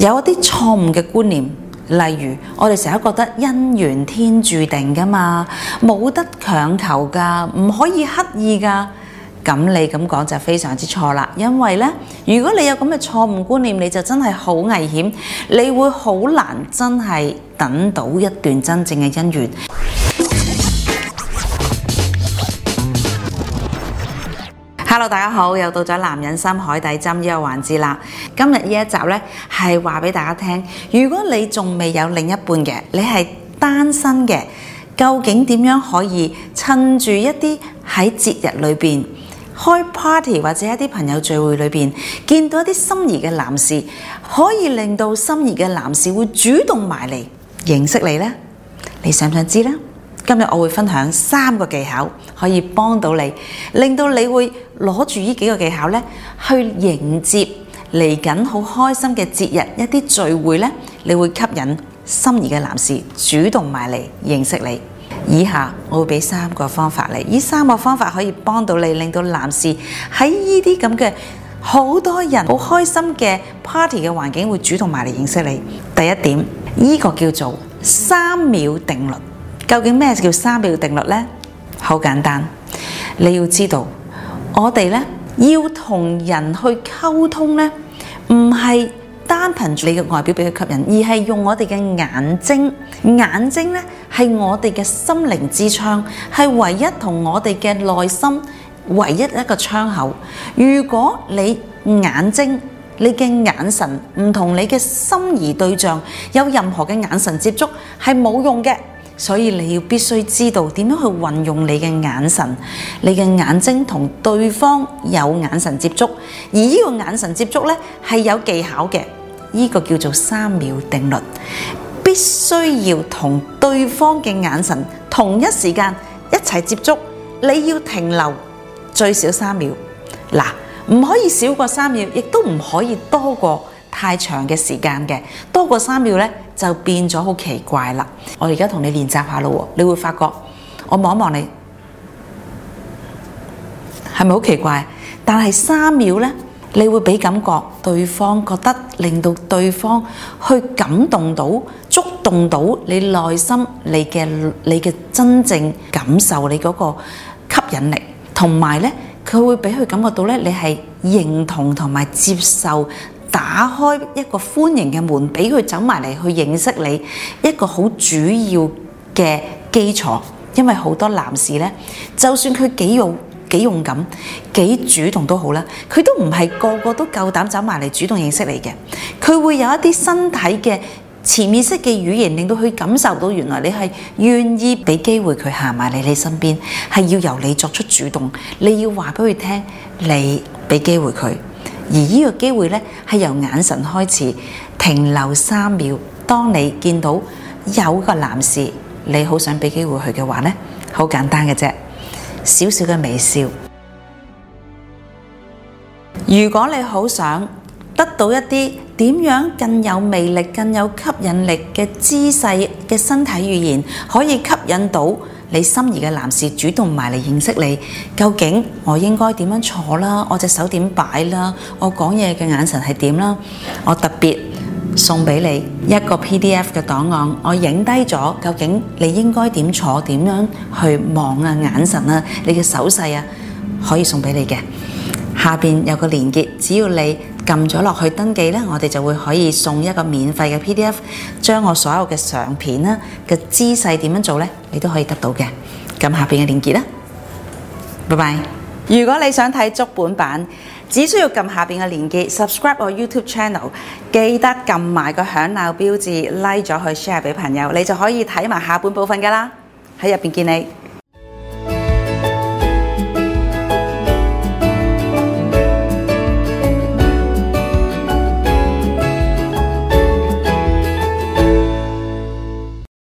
有一啲錯誤嘅觀念，例如我哋成日覺得姻緣天注定㗎嘛，冇得強求㗎，唔可以刻意㗎。咁你咁講就非常之錯啦，因為呢，如果你有咁嘅錯誤觀念，你就真係好危險，你會好難真係等到一段真正嘅姻緣。Hello，大家好，又到咗男人心海底針呢個環節啦。今日呢一集呢，係話俾大家聽，如果你仲未有另一半嘅，你係單身嘅，究竟點樣可以趁住一啲喺節日裏邊開 party 或者一啲朋友聚會裏邊，見到一啲心儀嘅男士，可以令到心儀嘅男士會主動埋嚟認識你呢？你想唔想知呢？今日我會分享三個技巧，可以幫到你，令到你會。攞住呢幾個技巧呢，去迎接嚟緊好開心嘅節日，一啲聚會呢，你會吸引心儀嘅男士主動埋嚟認識你。以下我會俾三個方法你，呢三個方法可以幫到你，令到男士喺呢啲咁嘅好多人好開心嘅 party 嘅環境會主動埋嚟認識你。第一點，呢個叫做三秒定律。究竟咩叫三秒定律呢？好簡單，你要知道。我哋呢要同人去溝通呢,唔係單憑住你嘅外表畀佢吸引,而係用我哋嘅眼睛。眼睛呢係我哋嘅心靈之窗,係唯一同我哋嘅內心唯一一個窗口。如果你眼睛,你嘅眼神,唔同你嘅心儀對象,有任何嘅眼神接觸,係冇用嘅。所以你要必須知道點樣去運用你嘅眼神，你嘅眼睛同對方有眼神接觸，而呢個眼神接觸咧係有技巧嘅，呢個叫做三秒定律，必須要同對方嘅眼神同一時間一齊接觸，你要停留最少三秒。嗱，唔可以少過三秒，亦都唔可以多過太長嘅時間嘅，多過三秒咧。就變咗好奇怪啦！我而家同你練習下咯喎，你會發覺我望一望你，係咪好奇怪？但係三秒呢，你會俾感覺對方覺得令到對方去感動到、觸動到你內心、你嘅你嘅真正感受、你嗰個吸引力，同埋呢佢會俾佢感覺到呢，你係認同同埋接受。打開一個歡迎嘅門，俾佢走埋嚟，去認識你，一個好主要嘅基礎。因為好多男士呢，就算佢幾勇、幾勇敢、幾主動都好啦，佢都唔係個個都夠膽走埋嚟主動認識你嘅。佢會有一啲身體嘅潛意識嘅語言，令到佢感受到原來你係願意俾機會佢行埋嚟你身邊，係要由你作出主動，你要話俾佢聽，你俾機會佢。而依個機會咧，係由眼神開始停留三秒。當你見到有個男士，你好想俾機會佢嘅話咧，好簡單嘅啫，少少嘅微笑。如果你好想得到一啲點樣更有魅力、更有吸引力嘅姿勢嘅身體語言，可以吸引到，你心儀嘅男士主動埋嚟認識你，究竟我應該點樣坐啦？我隻手點擺啦？我講嘢嘅眼神係點啦？我特別送俾你一個 PDF 嘅檔案，我影低咗，究竟你應該點坐、點樣去望啊、眼神啊、你嘅手勢啊，可以送俾你嘅。下面有個連結，只要你。撳咗落去登記咧，我哋就會可以送一個免費嘅 PDF，將我所有嘅相片啦嘅姿勢點樣做咧，你都可以得到嘅。撳下邊嘅鏈接啦，拜拜。如果你想睇足本版，只需要撳下邊嘅鏈接，subscribe 我 YouTube channel，記得撳埋個響鬧標誌，like 咗去 share 俾朋友，你就可以睇埋下半部分噶啦。喺入邊見你。